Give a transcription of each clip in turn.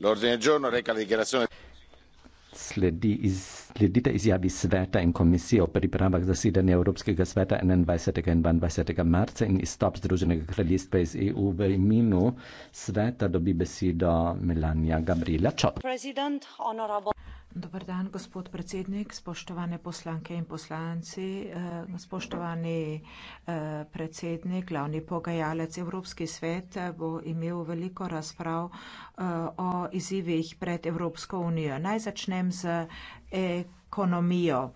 l'ordine del giorno reca la dichiarazione Sledi iz, sledita izjavi sveta in komisije o pripravah zasedanja Evropskega sveta 21. in 22. marca in izstop Združenega kraljestva iz EU v imenu sveta dobi besedo Melania Gabriela Čot. Dobar dan, gospod predsednik, spoštovane poslanke in poslanci, eh, spoštovani eh, predsednik, glavni pogajalec Evropski svet eh, bo imel veliko razprav o izzivih pred Evropsko unijo. Naj začnem z ekonomijo.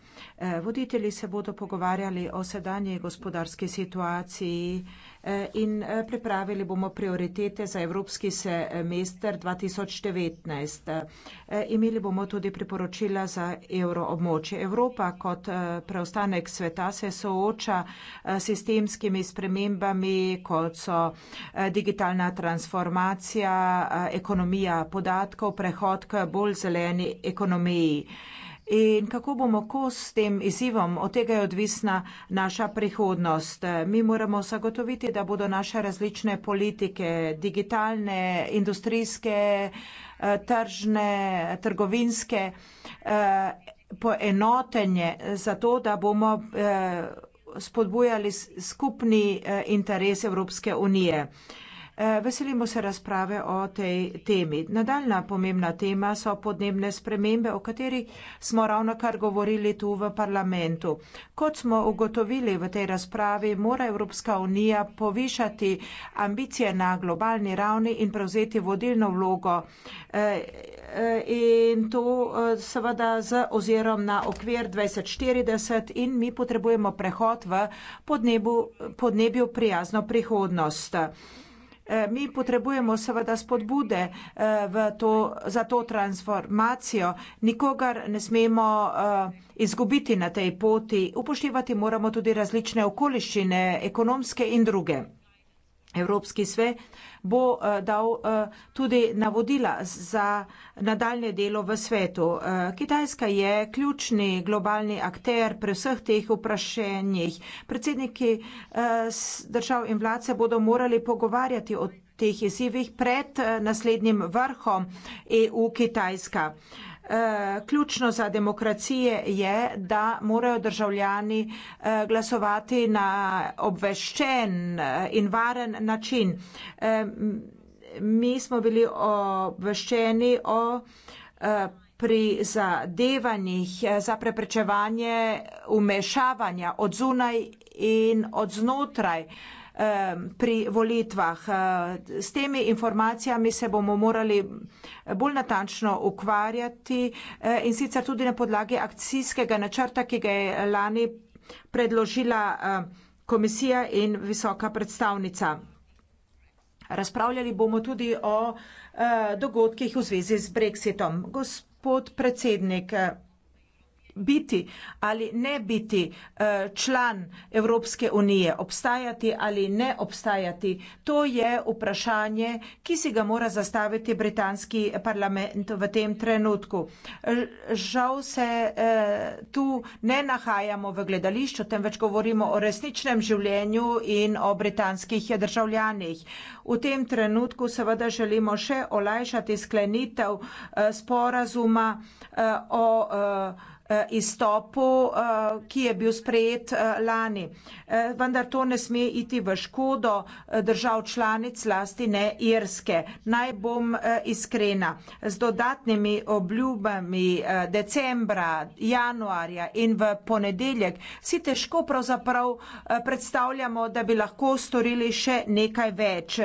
Voditelji se bodo pogovarjali o sedanji gospodarski situaciji, Eh, in eh, pripravili bomo prioritete za Evropski semester 2019. Eh, imeli bomo tudi priporočila za euroobmočje. Evropa kot preostanek sveta se sooča s sistemskimi spremembami, kot so digitalna transformacija, ekonomija podatkov, prehod k bolj zeleni ekonomiji. In kako bomo kos s tem izzivom, od tega je odvisna naša prihodnost. Mi moramo zagotoviti, da bodo naše različne politike, digitalne, industrijske, eh, tržne, trgovinske, eh, poenotenje za to, da bomo eh, spodbujali skupni interes Evropske unije. Veselimo se razprave o tej temi. Nadaljna pomembna tema so podnebne spremembe, o kateri smo ravno kar govorili tu v parlamentu. Kot smo ugotovili v tej razpravi, mora Evropska unija povišati ambicije na globalni ravni in prevzeti vodilno vlogo. Eh, eh, in to eh, seveda z ozirom na okvir 2040 in mi potrebujemo prehod v podnebju prijazno prihodnost. Eh, mi potrebujemo seveda spodbude eh, to, za to transformacijo. Nikogar ne smemo eh, izgubiti na tej poti. Upoštevati moramo tudi različne okoliščine, ekonomske in druge. Evropski svet bo eh, dal eh, tudi navodila za nadaljne delo v svetu. Eh, Kitajska je ključni globalni akter pri vseh teh vprašanjih. Predsedniki držav in vlad se bodo morali pogovarjati o teh izzivih pred naslednjim vrhom EU-Kitajska. Eh, ključno za demokracije je, da morajo državljani eh, glasovati na obveščen eh, in varen način. Mi smo bili obveščeni o pri zadevanjih za preprečevanje umešavanja od zunaj in od znotraj pri volitvah. Eh, s temi informacijami se bomo morali bolj natančno ukvarjati eh, in sicer tudi na podlagi akcijskega načrta, ki ga je lani predložila eh, komisija in visoka predstavnica. Razpravljali bomo tudi o dogodkih v zvezi z brexitom. Gospod predsednik, biti ali ne biti eh, član Evropske unije, obstajati ali ne obstajati, to je vprašanje, ki si ga mora zastaviti britanski parlament v tem trenutku. Žal se eh, tu ne nahajamo v gledališču, temveč govorimo o resničnem življenju in o britanskih državljanih. V tem trenutku seveda želimo še olajšati sklenitev eh, sporazuma o sklenitev Eh, izstopu, eh, ki je bil sprejet eh, lani. Vendar to ne sme iti v škodo držav članic, lasti ne Irske. Naj bom iskrena. Z dodatnimi obljubami decembra, januarja in v ponedeljek si težko pravzaprav predstavljamo, da bi lahko storili še nekaj več.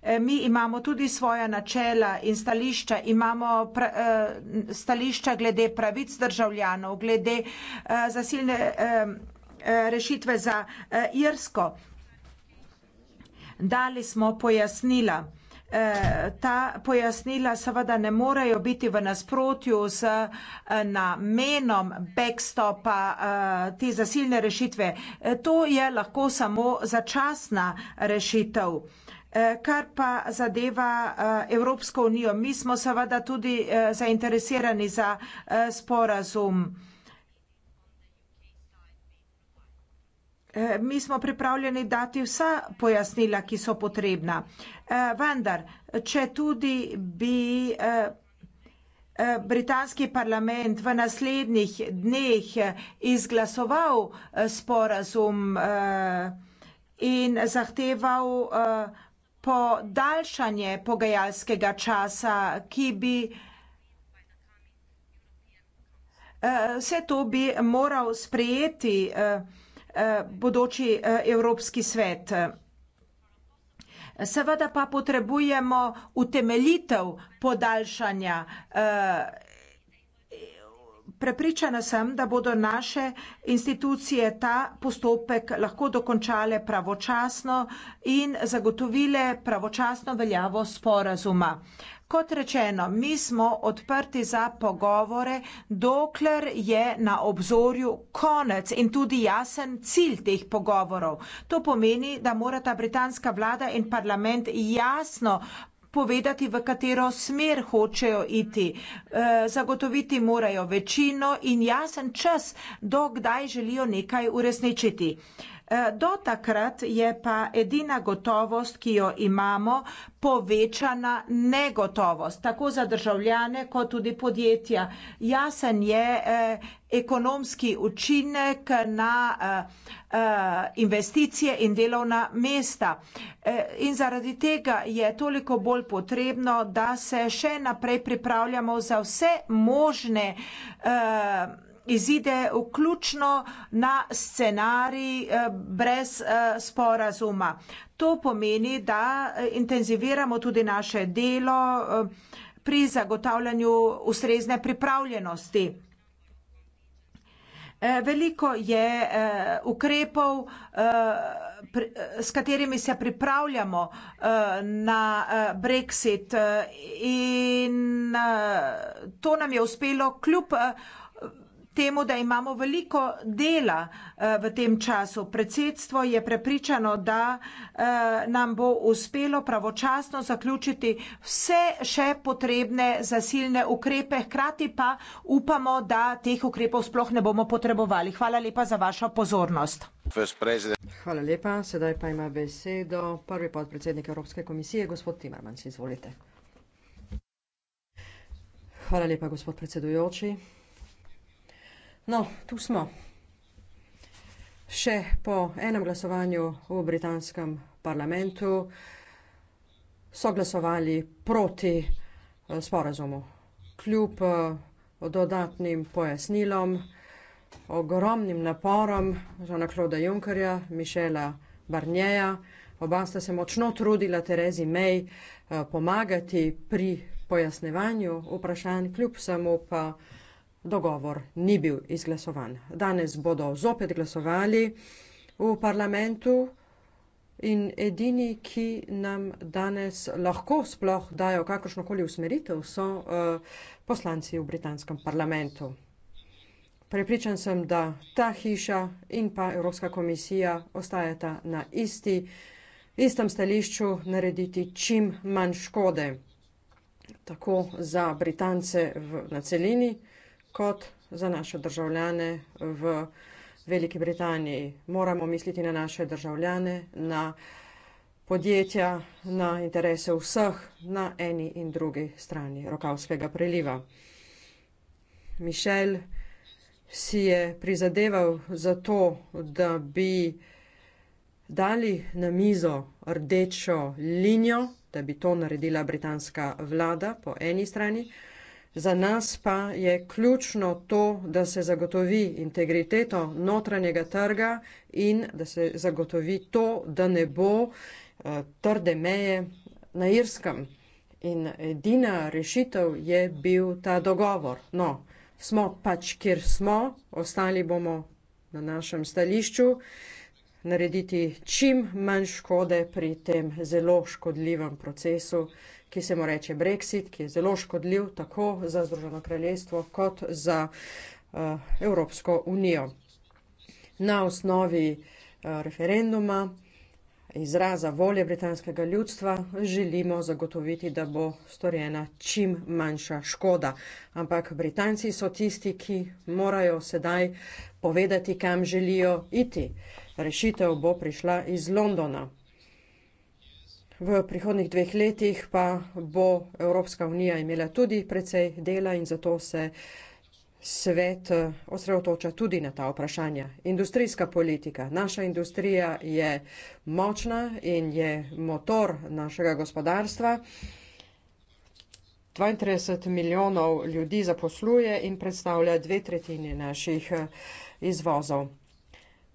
Eh, mi imamo tudi svoja načela in stališča, imamo eh, stališča glede pravic državljanov, glede eh, zasilne rešitve za Irsko. Dali smo pojasnila. Ta pojasnila seveda ne morejo biti v nasprotju z namenom backstopa te zasilne rešitve. To je lahko samo začasna rešitev. Eh, kar pa zadeva eh, Evropsko unijo, mi smo seveda tudi eh, zainteresirani za sporazum. Mi smo pripravljeni dati vsa pojasnila, ki so potrebna. Vendar, če tudi bi britanski parlament v naslednjih dneh izglasoval sporazum in zahteval podaljšanje pogajalskega časa, ki bi eh, vse to bi moral sprejeti eh, eh, bodoči Evropski svet. Seveda pa potrebujemo utemeljitev podaljšanja časa prepričana sem, da bodo naše institucije ta postopek lahko dokončale pravočasno in zagotovile pravočasno veljavo sporazuma. Kot rečeno, mi smo odprti za pogovore, dokler je na obzorju konec in tudi jasen cilj teh pogovorov. To pomeni, da mora ta britanska vlada in parlament jasno povedati, v katero smer hočejo iti. Eh, zagotoviti morajo večino in jasen čas, dokdaj želijo nekaj uresničiti. Eh, do takrat je pa edina gotovost, ki jo imamo, povečana negotovost, tako za državljane, kot tudi podjetja. Jasen je eh, ekonomski učinek na eh, investicije in delovna mesta. In zaradi tega je toliko bolj potrebno, da se še naprej pripravljamo za vse možne investicije, izide vključno na scenarij eh, brez eh, sporazuma. To pomeni, da eh, intenziviramo tudi naše delo pri zagotavljanju ustrezne pripravljenosti. Veliko je ukrepov, s katerimi se pripravljamo na Brexit in to nam je uspelo kljub temu, da imamo veliko dela eh, v tem času. Predsedstvo je prepričano, da eh, nam bo uspelo pravočasno zaključiti vse še potrebne zasilne ukrepe, hkrati pa upamo, da teh ukrepov sploh ne bomo potrebovali. Hvala lepa za vašo pozornost. Hvala lepa. Sedaj pa ima besedo prvi podpredsednik Evropske komisije, gospod Timmermans. Izvolite. Hvala lepa, gospod predsedujoči. No, tu smo. Še po enem glasovanju v britanskem parlamentu so glasovali proti eh, sporazumu. Kljub eh, dodatnim pojasnilom, ogromnim naporom Žana Kloda Junkerja, Mišela Barnjeja, oba sta se močno trudila Terezi May eh, pomagati pri pojasnevanju vprašanj, kljub samo pa dogovor ni bil izglasovan. Danes bodo zopet glasovali v parlamentu in edini, ki nam danes lahko sploh dajo kakršnokoli usmeritev, so uh, poslanci v britanskem parlamentu. Prepričan sem, da ta hiša in pa Evropska komisija ostajata na isti, istem stališču narediti čim manj škode. Tako za Britance v, na celini kot za naše državljane v Veliki Britaniji. Moramo misliti na naše državljane, na podjetja, na interese vseh na eni in drugi strani Rokavskega priliva. Mišel si je prizadeval za to, da bi dali na mizo rdečo linijo, da bi to naredila britanska vlada po eni strani, Za nas pa je ključno to, da se zagotovi integriteto notranjega trga in da se zagotovi to, da ne bo eh, trde meje na Irskem. In edina rešitev je bil ta dogovor. No, smo pač, kjer smo, ostali bomo na našem stališču narediti čim manj škode pri tem zelo škodljivem procesu ki se mu reče Brexit, ki je zelo škodljiv tako za Združeno kraljestvo kot za eh, Evropsko unijo. Na osnovi eh, referenduma izraza volje britanskega ljudstva želimo zagotoviti, da bo storjena čim manjša škoda. Ampak Britanci so tisti, ki morajo sedaj povedati, kam želijo iti. Rešitev bo prišla iz Londona. V prihodnih dveh letih pa bo Evropska unija imela tudi precej dela in zato se svet eh, osredotoča tudi na ta vprašanja. Industrijska politika. Naša industrija je močna in je motor našega gospodarstva. 32 milijonov ljudi zaposluje in predstavlja dve tretjini naših eh, izvozov.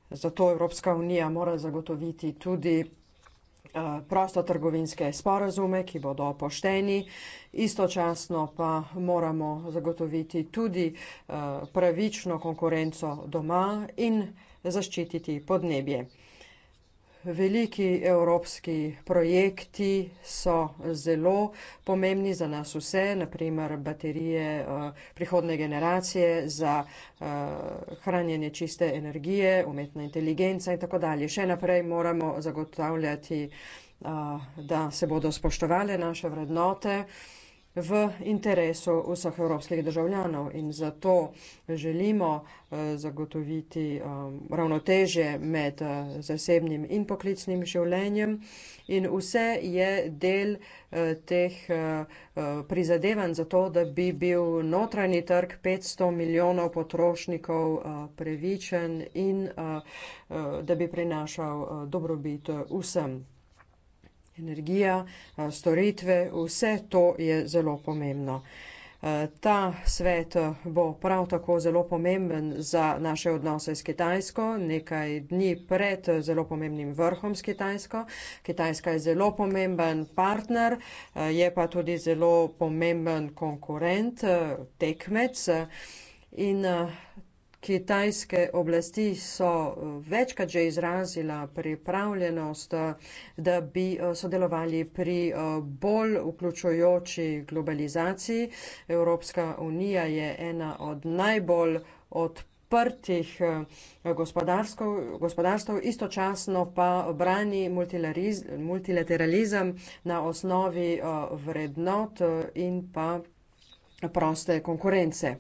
Zato Evropska unija mora zagotoviti tudi Eh, prostotrgovinske sporazume, ki bodo pošteni, istočasno pa moramo zagotoviti tudi eh, pravično konkurenco doma in zaščititi podnebje. Veliki evropski projekti so zelo pomembni za nas vse, naprimer baterije eh, prihodne generacije za eh, hranjenje čiste energije, umetna inteligenca in tako dalje. Še naprej moramo zagotavljati, eh, da se bodo spoštovale naše vrednote v interesu vseh evropskih državljanov in zato želimo eh, zagotoviti eh, ravnotežje med eh, zasebnim in poklicnim življenjem in vse je del teh prizadevanj za to, da bi bil notranji trg 500 milijonov potrošnikov previčen in da bi prinašal dobrobit vsem energija, eh, storitve, vse to je zelo pomembno. Eh, ta svet eh, bo prav tako zelo pomemben za naše odnose s Kitajsko, nekaj dni pred zelo pomembnim vrhom s Kitajsko. Kitajska je zelo pomemben partner, je pa tudi zelo pomemben konkurent, tekmec. In Kitajske oblasti so eh, večkrat že izrazila pripravljenost, eh, da bi eh, sodelovali pri bolj vključujoči globalizaciji. Evropska unija je ena od najbolj odprtih gospodarstv, istočasno pa brani multilateralizem na osnovi vrednot in pa proste konkurence.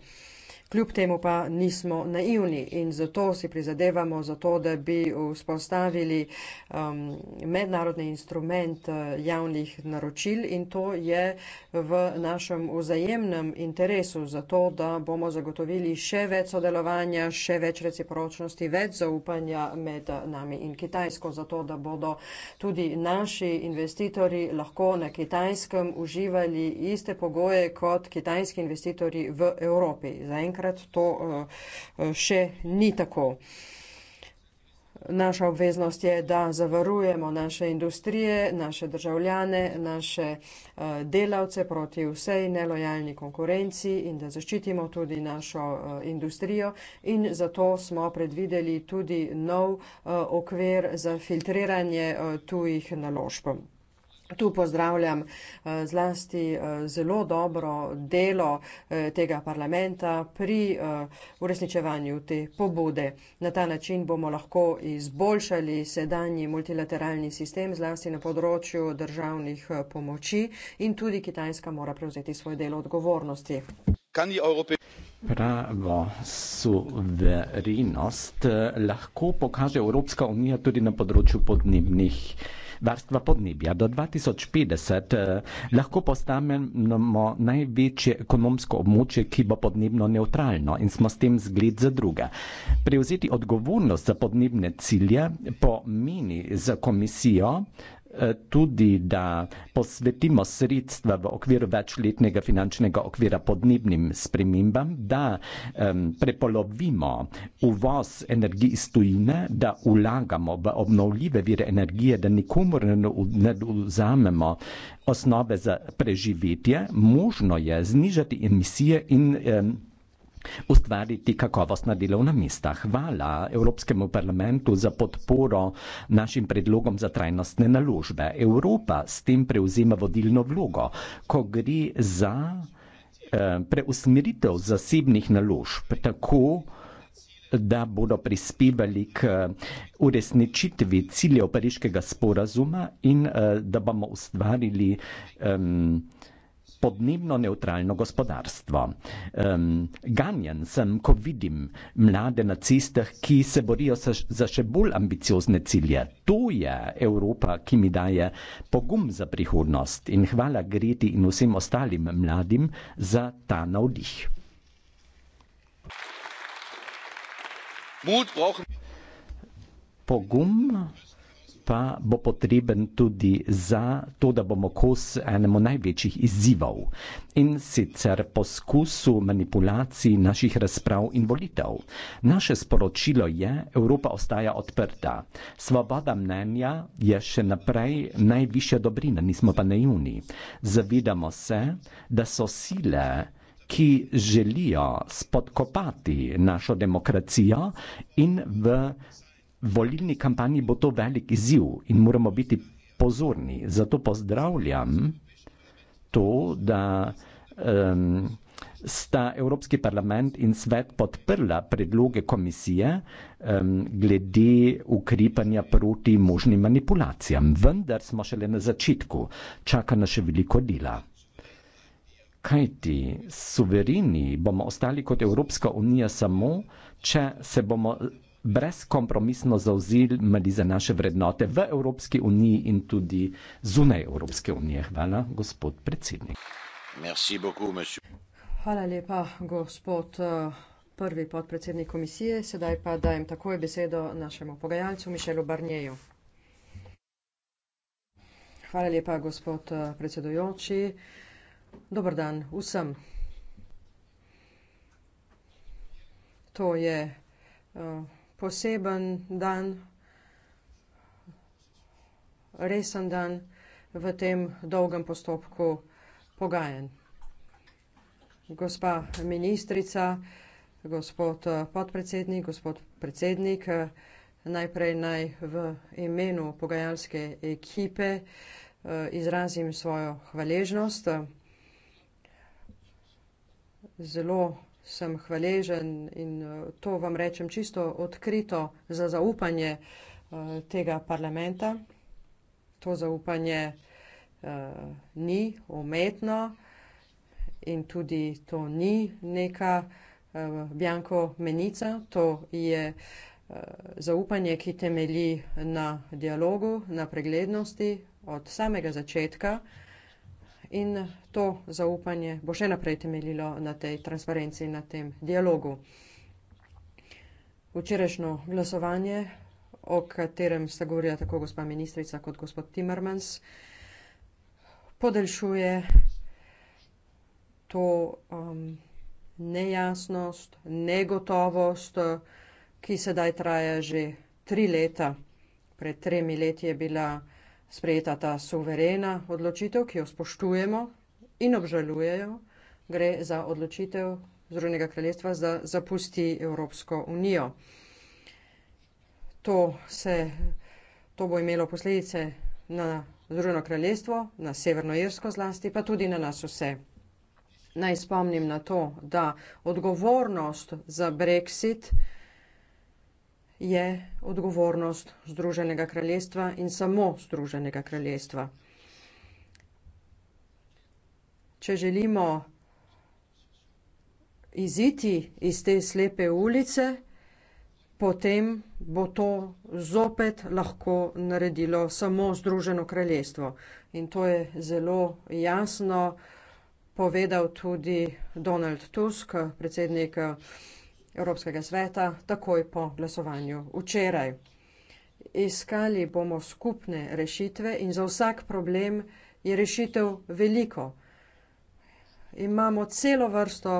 Kljub temu pa nismo naivni in zato si prizadevamo za to, da bi vzpostavili um, mednarodni instrument uh, javnih naročil in to je v našem vzajemnem interesu za to, da bomo zagotovili še več sodelovanja, še več recipročnosti, več zaupanja med nami in Kitajsko, zato da bodo tudi naši investitorji lahko na Kitajskem uživali iste pogoje kot kitajski investitorji v Evropi. Zaenkrat zaenkrat to eh, še ni tako. Naša obveznost je, da zavarujemo naše industrije, naše državljane, naše eh, delavce proti vsej nelojalni konkurenci in da zaščitimo tudi našo eh, industrijo. In zato smo predvideli tudi nov okvir za filtriranje tujih naložb. Tu pozdravljam eh, zlasti eh, zelo dobro delo eh, tega parlamenta pri uresničevanju te pobude. Na ta način bomo lahko izboljšali sedanji multilateralni sistem zlasti na področju državnih pomoči in tudi Kitajska mora prevzeti svoj del odgovornosti. Pravo suverenost lahko pokaže Evropska unija tudi na področju podnebnih varstva podnebja. Do 2050 eh, lahko postanemo največje ekonomsko območje, ki bo podnebno neutralno in smo s tem zgled za druga. Prevzeti odgovornost za podnebne cilje pomeni za komisijo Eh, tudi, da posvetimo sredstva v okviru večletnega finančnega okvira podnebnim spremembam, da um, prepolovimo uvoz energij iz tujine, da ulagamo v obnovljive vire energije, da nikomor ne vzamemo osnove za preživetje. Možno je znižati emisije in um, ustvariti kakovostna delovna mesta. Hvala Evropskemu parlamentu za podporo našim predlogom za trajnostne naložbe. Evropa s tem prevzema vodilno vlogo, ko gre za eh, preusmeritev zasebnih naložb tako, da bodo prispevali k uresničitvi ciljev pariškega sporazuma in eh, da bomo ustvarili eh, podnebno neutralno gospodarstvo. Um, ganjen sem, ko vidim mlade na cestah, ki se borijo sa, za še bolj ambiciozne cilje. To je Evropa, ki mi daje pogum za prihodnost in hvala Greti in vsem ostalim mladim za ta navdih. Pogum pa bo potreben tudi za to, da bomo kos enemu največjih izzivov in sicer poskusu manipulacij naših razprav in volitev. Naše sporočilo je, Evropa ostaja odprta. Svoboda mnenja je še naprej najvišja dobrina, nismo pa naivni. Zavedamo se, da so sile ki želijo spodkopati našo demokracijo in v volilni kampanji bo to velik izziv in moramo biti pozorni. Zato pozdravljam to, da um, sta Evropski parlament in svet podprla predloge komisije um, glede ukrepanja proti možnim manipulacijam. Vendar smo šele na začetku, čaka nas še veliko dela. Kaj ti, suvereni bomo ostali kot Evropska unija samo, če se bomo brezkompromisno zauzimali za naše vrednote v Evropski uniji in tudi zunaj Evropske unije. Hvala, gospod predsednik. Merci beaucoup, monsieur. Hvala lepa, gospod. Eh, prvi podpredsednik komisije, sedaj pa dajem takoj besedo našemu pogajalcu Mišelu Barnjeju. Hvala lepa, gospod eh, predsedujoči. Dobr dan vsem. To je uh, poseben dan, resen dan v tem dolgem postopku pogajanj. Gospa ministrica, gospod podpredsednik, gospod predsednik, najprej naj v imenu pogajalske ekipe izrazim svojo hvaležnost. Zelo sem hvaležen in eh, to vam rečem čisto odkrito za zaupanje eh, tega parlamenta. To zaupanje eh, ni umetno in tudi to ni neka bjanko menica, to je zaupanje, ki temelji na dialogu, na preglednosti od samega začetka in to zaupanje bo še naprej temeljilo na tej transparenci, na tem dialogu. Včerajšnjo glasovanje, o katerem sta govorila tako gospa ministrica kot gospod Timmermans, podaljšuje to um, nejasnost, negotovost, ki sedaj traja že tri leta. Pred tremi leti je bila sprejeta ta suverena odločitev, ki jo spoštujemo in obžalujejo, gre za odločitev Združenega kraljestva za zapusti Evropsko unijo. To, se, to bo imelo posledice na Združeno kraljestvo, na Severno Irsko zlasti, pa tudi na nas vse. Naj spomnim na to, da odgovornost za brexit je odgovornost Združenega kraljestva in samo Združenega kraljestva. Če želimo iziti iz te slepe ulice, potem bo to zopet lahko naredilo samo Združeno kraljestvo. In to je zelo jasno povedal tudi Donald Tusk, predsednik Evropskega sveta takoj po glasovanju včeraj. Iskali bomo skupne rešitve in za vsak problem je rešitev veliko. Imamo celo vrsto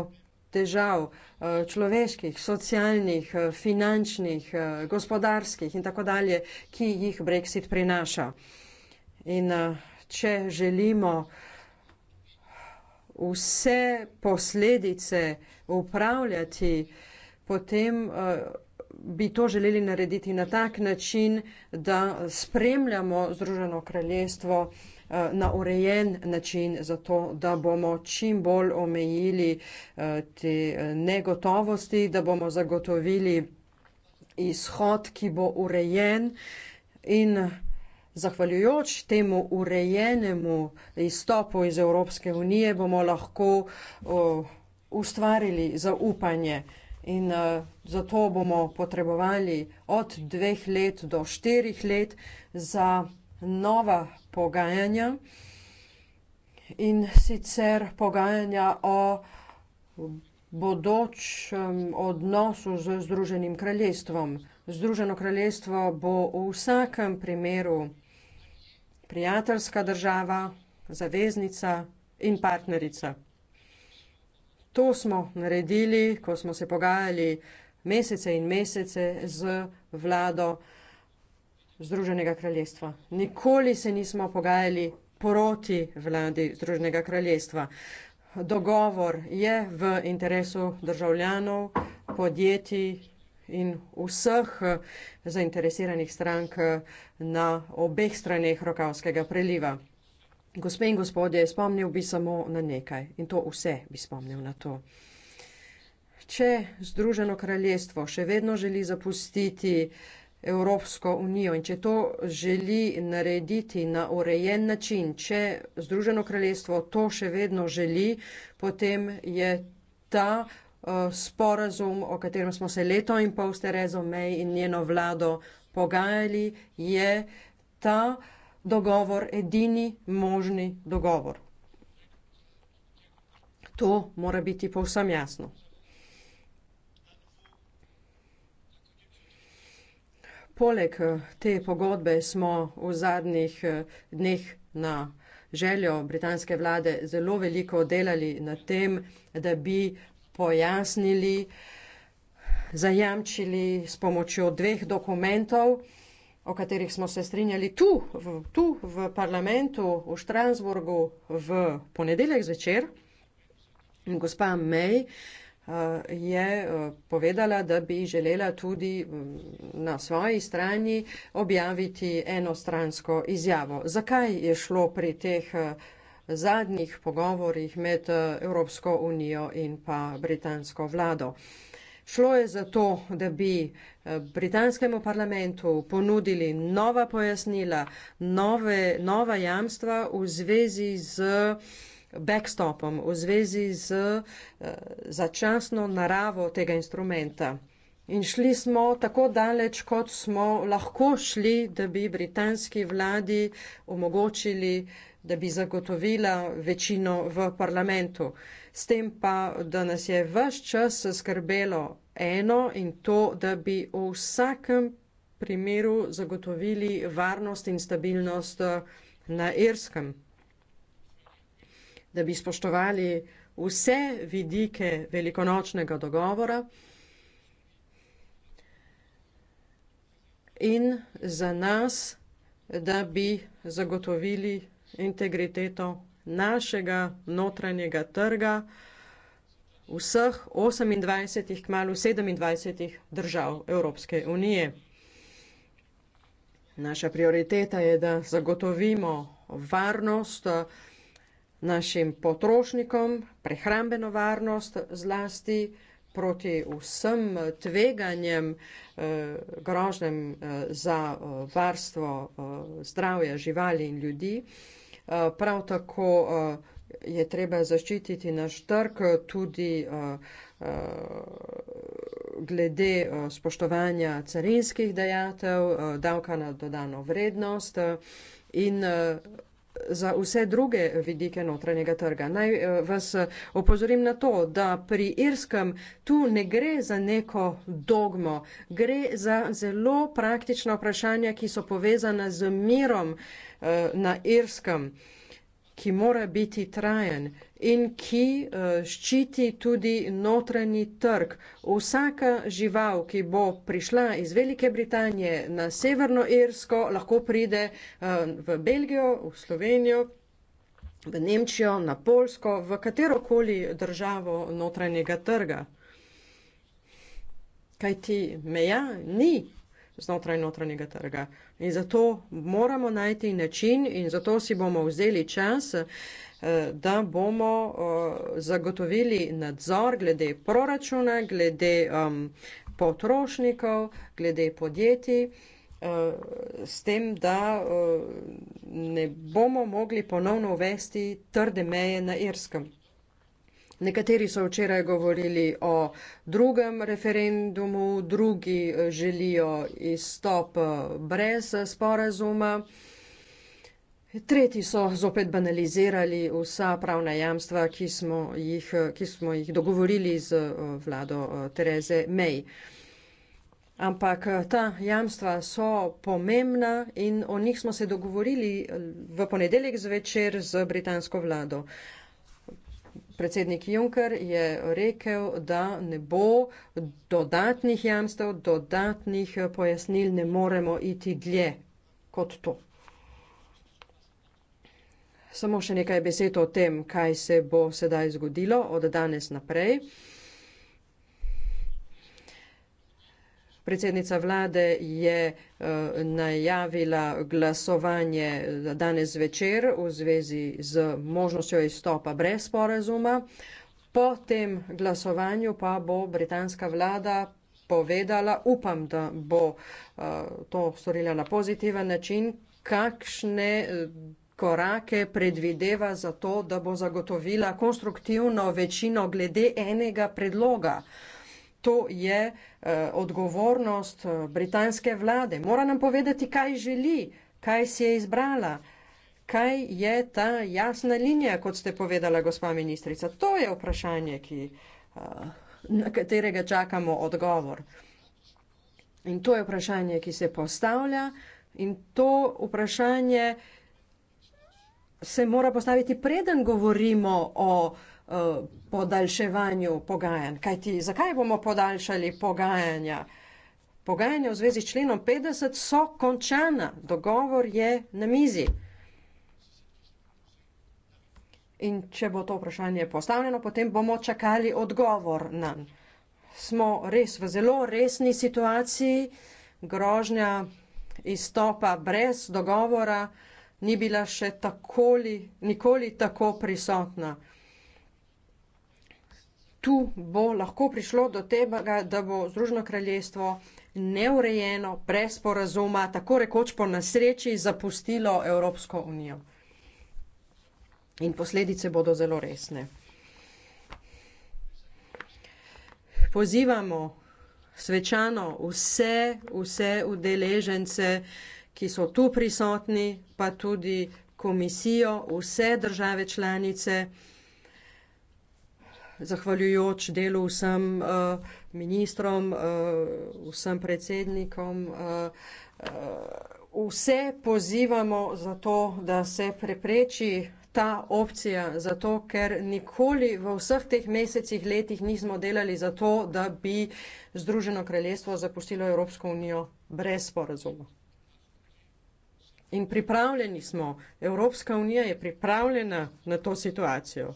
težav eh, človeških, socialnih, eh, finančnih, eh, gospodarskih in tako dalje, ki jih Brexit prinaša. In če želimo vse posledice upravljati, potem eh, bi to želeli narediti na tak način, da spremljamo Združeno kraljestvo eh, na urejen način, zato da bomo čim bolj omejili eh, te negotovosti, da bomo zagotovili izhod, ki bo urejen in zahvaljujoč temu urejenemu izstopu iz Evropske unije bomo lahko ustvarili zaupanje. In uh, zato bomo potrebovali od dveh let do štirih let za nova pogajanja in sicer pogajanja o bodočem odnosu z Združenim kraljestvom. Združeno kraljestvo bo v vsakem primeru prijateljska država, zaveznica in partnerica. To smo naredili, ko smo se pogajali mesece in mesece z vlado Združenega kraljestva. Nikoli se nismo pogajali proti vladi Združenega kraljestva. Dogovor je v interesu državljanov, podjetij in vseh zainteresiranih strank na obeh straneh Rokavskega preliva. Gospe in gospodje, spomnil bi samo na nekaj in to vse bi spomnil na to. Če Združeno kraljestvo še vedno želi zapustiti Evropsko unijo in če to želi narediti na urejen način, če Združeno kraljestvo to še vedno želi, potem je ta uh, sporazum, o katerem smo se leto in pol s Terezo May in njeno vlado pogajali, je ta sporazum, dogovor, edini možni dogovor. To mora biti povsem jasno. Poleg eh, te pogodbe smo v zadnjih eh, dneh na željo britanske vlade zelo veliko delali na tem, da bi pojasnili, zajamčili s pomočjo dveh dokumentov, o katerih smo se strinjali tu, v, tu v parlamentu v Štransburgu v ponedeljek zvečer. Gospa May eh, je eh, povedala, da bi želela tudi mm, na svoji strani objaviti enostransko izjavo. Zakaj je šlo pri teh eh, zadnjih pogovorih med Evropsko unijo in pa britansko vlado? Šlo je za to, da bi eh, britanskemu parlamentu ponudili nova pojasnila, nove, nova jamstva v zvezi z backstopom, v zvezi z eh, začasno naravo tega instrumenta. In šli smo tako daleč, kot smo lahko šli, da bi britanski vladi omogočili, da bi zagotovila večino v parlamentu. Uh, s tem pa, da nas je vse čas skrbelo eno in to, da bi v vsakem primeru zagotovili varnost in stabilnost eh, na Irskem. Da bi spoštovali vse vidike velikonočnega dogovora. In za nas, da bi zagotovili integriteto našega notranjega trga vseh 28, kmalo 27 držav Evropske unije. Naša prioriteta je, da zagotovimo varnost eh, našim potrošnikom, prehrambeno varnost zlasti proti vsem tveganjem, eh, grožnem eh, za varstvo zdravja živali in ljudi. Eh, prav tako eh, je treba zaščititi naš trg tudi eh, glede spoštovanja carinskih dejatev, davka na dodano vrednost in za vse druge vidike notranjega trga. Naj eh, vas eh, opozorim na to, da pri Irskem tu ne gre za neko dogmo, gre za zelo praktična vprašanja, ki so povezana z mirom eh, na Irskem ki mora biti trajen in ki eh, ščiti tudi notranji trg. Vsaka žival, ki bo prišla iz Velike Britanije na Severno Irsko, lahko pride eh, v Belgijo, v Slovenijo, v Nemčijo, na Polsko, v katerokoli državo notranjega trga. Kaj ti meja? Ni znotraj notranjega trga. In zato moramo najti način in zato si bomo vzeli čas, eh, da bomo eh, zagotovili nadzor glede proračuna, glede um, potrošnikov, glede podjetij, eh, s tem, da ne bomo mogli ponovno uvesti trde meje na Irskem. Nekateri so včeraj govorili o drugem referendumu, drugi eh, želijo izstop eh, brez eh, sporazuma. Tretji so zopet banalizirali vsa pravna jamstva, ki smo jih, ki smo jih dogovorili z vlado Tereze May. Ampak ta jamstva so pomembna in o njih smo se dogovorili v ponedeljek zvečer z britansko vlado. Predsednik Juncker je rekel, da ne bo dodatnih jamstev, dodatnih eh, pojasnil, ne moremo iti dlje kot to. Samo še nekaj besed o tem, kaj se bo sedaj zgodilo od danes naprej. Predsednica vlade je eh, najavila glasovanje danes večer v zvezi z možnostjo izstopa brez sporazuma. Po tem glasovanju pa bo britanska vlada povedala, upam, da bo eh, to storila na pozitiven način, kakšne eh, korake predvideva za to, da bo zagotovila konstruktivno večino glede enega predloga to je eh, odgovornost eh, britanske vlade. Mora nam povedati, kaj želi, kaj si je izbrala, kaj je ta jasna linija, kot ste povedala, gospa ministrica. To je vprašanje, ki, eh, na katerega čakamo odgovor. In to je vprašanje, ki se postavlja in to vprašanje, se mora postaviti, preden govorimo o eh, podaljševanju pogajanj. Kajti, zakaj bomo podaljšali pogajanja? Pogajanja v zvezi s členom 50 so končana, dogovor je na mizi. In če bo to vprašanje postavljeno, potem bomo čakali odgovor na. Smo res v zelo resni situaciji, grožnja izstopa brez dogovora ni bila še takoli, nikoli tako prisotna. Tu bo lahko prišlo do tega, da bo Združeno kraljestvo neurejeno, brez porazuma, tako rekoč po nasreči, zapustilo Evropsko unijo. In posledice bodo zelo resne. Pozivamo svečano vse, vse udeležence, ki so tu prisotni, pa tudi komisijo, vse države članice, zahvaljujoč delu vsem uh, ministrom, uh, vsem predsednikom, uh, uh, vse pozivamo za to, da se prepreči ta opcija, zato ker nikoli v vseh teh mesecih, letih nismo delali za to, da bi Združeno kraljestvo zapustilo Evropsko unijo brez sporazuma in pripravljeni smo, Evropska unija je pripravljena na to situacijo.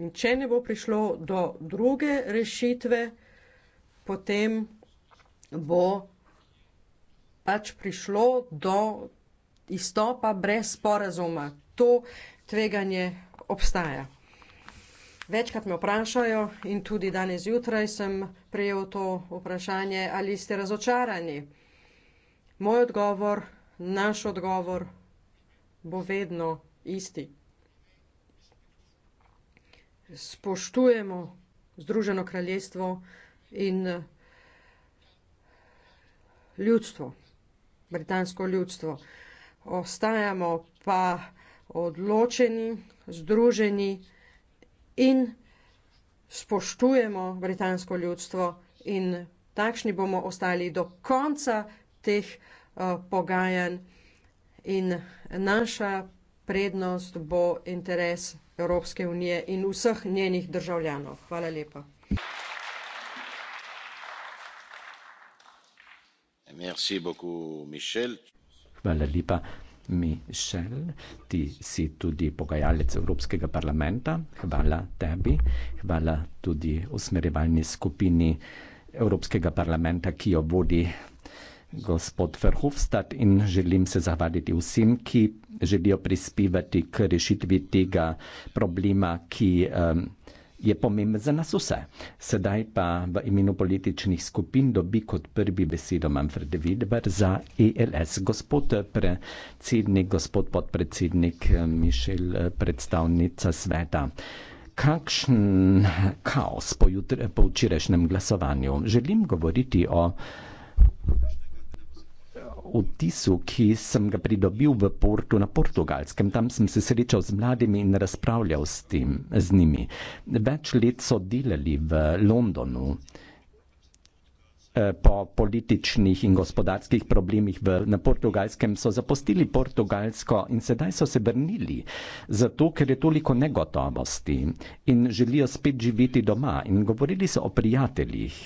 In če ne bo prišlo do druge rešitve, potem bo pač prišlo do izstopa brez sporazuma. To tveganje obstaja. Večkrat me vprašajo in tudi danes zjutraj sem prejel to vprašanje, ali ste razočarani. Moj odgovor naš odgovor bo vedno isti. Spoštujemo Združeno kraljestvo in ljudstvo, britansko ljudstvo. Ostajamo pa odločeni, združeni in spoštujemo britansko ljudstvo in takšni bomo ostali do konca teh Eh, pogajanj in naša prednost bo interes Evropske unije in vseh njenih državljanov. Hvala lepa. Merci beaucoup, Michel. Hvala lepa, Mišel. Ti si tudi pogajalec Evropskega parlamenta. Hvala tebi. Hvala tudi usmerjevalni skupini Evropskega parlamenta, ki jo vodi gospod Verhofstadt in želim se zahvaliti vsem, ki želijo prispevati k rešitvi tega problema, ki um, je pomemben za nas vse. Sedaj pa v imenu političnih skupin dobi kot prvi besedo Manfred Wilber za ELS. Gospod predsednik, gospod podpredsednik eh, Mišel, eh, predstavnica sveta. Kakšen kaos po včerajšnjem glasovanju? Želim govoriti o vtisu, ki sem ga pridobil v portu na portugalskem. Tam sem se srečal z mladimi in razpravljal s, tim, z njimi. Več let so delali v Londonu eh, po političnih in gospodarskih problemih v, na portugalskem, so zapustili portugalsko in sedaj so se vrnili, zato ker je toliko negotovosti in želijo spet živeti doma. In govorili so o prijateljih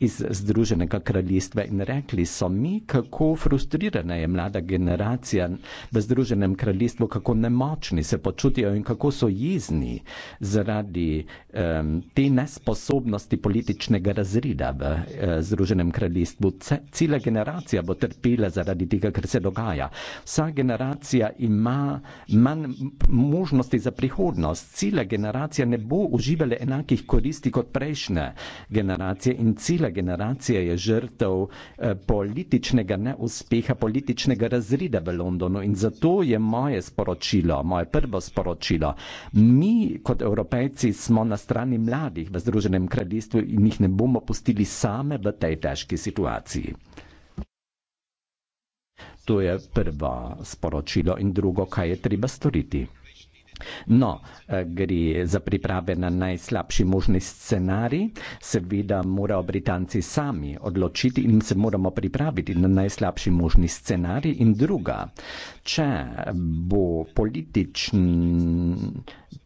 iz Združenega kraljestva in rekli so mi, kako frustrirana je mlada generacija v Združenem kraljestvu, kako nemočni se počutijo in kako so jezni zaradi um, te nesposobnosti političnega razreda v uh, Združenem kraljestvu. Cela generacija bo trpela zaradi tega, kar se dogaja. Vsa generacija ima manj možnosti za prihodnost. Cela generacija ne bo uživala enakih koristi kot prejšnje generacije in cela generacija je žrtev eh, političnega neuspeha, političnega razreda v Londonu. In zato je moje sporočilo, moje prvo sporočilo. Mi kot evropejci smo na strani mladih v Združenem kraljestvu in jih ne bomo pustili same v tej težki situaciji. To je prvo sporočilo in drugo, kaj je treba storiti. No, eh, gre za priprave na najslabši možni scenarij. Seveda morajo Britanci sami odločiti in se moramo pripraviti na najslabši možni scenarij. In druga, če bo politični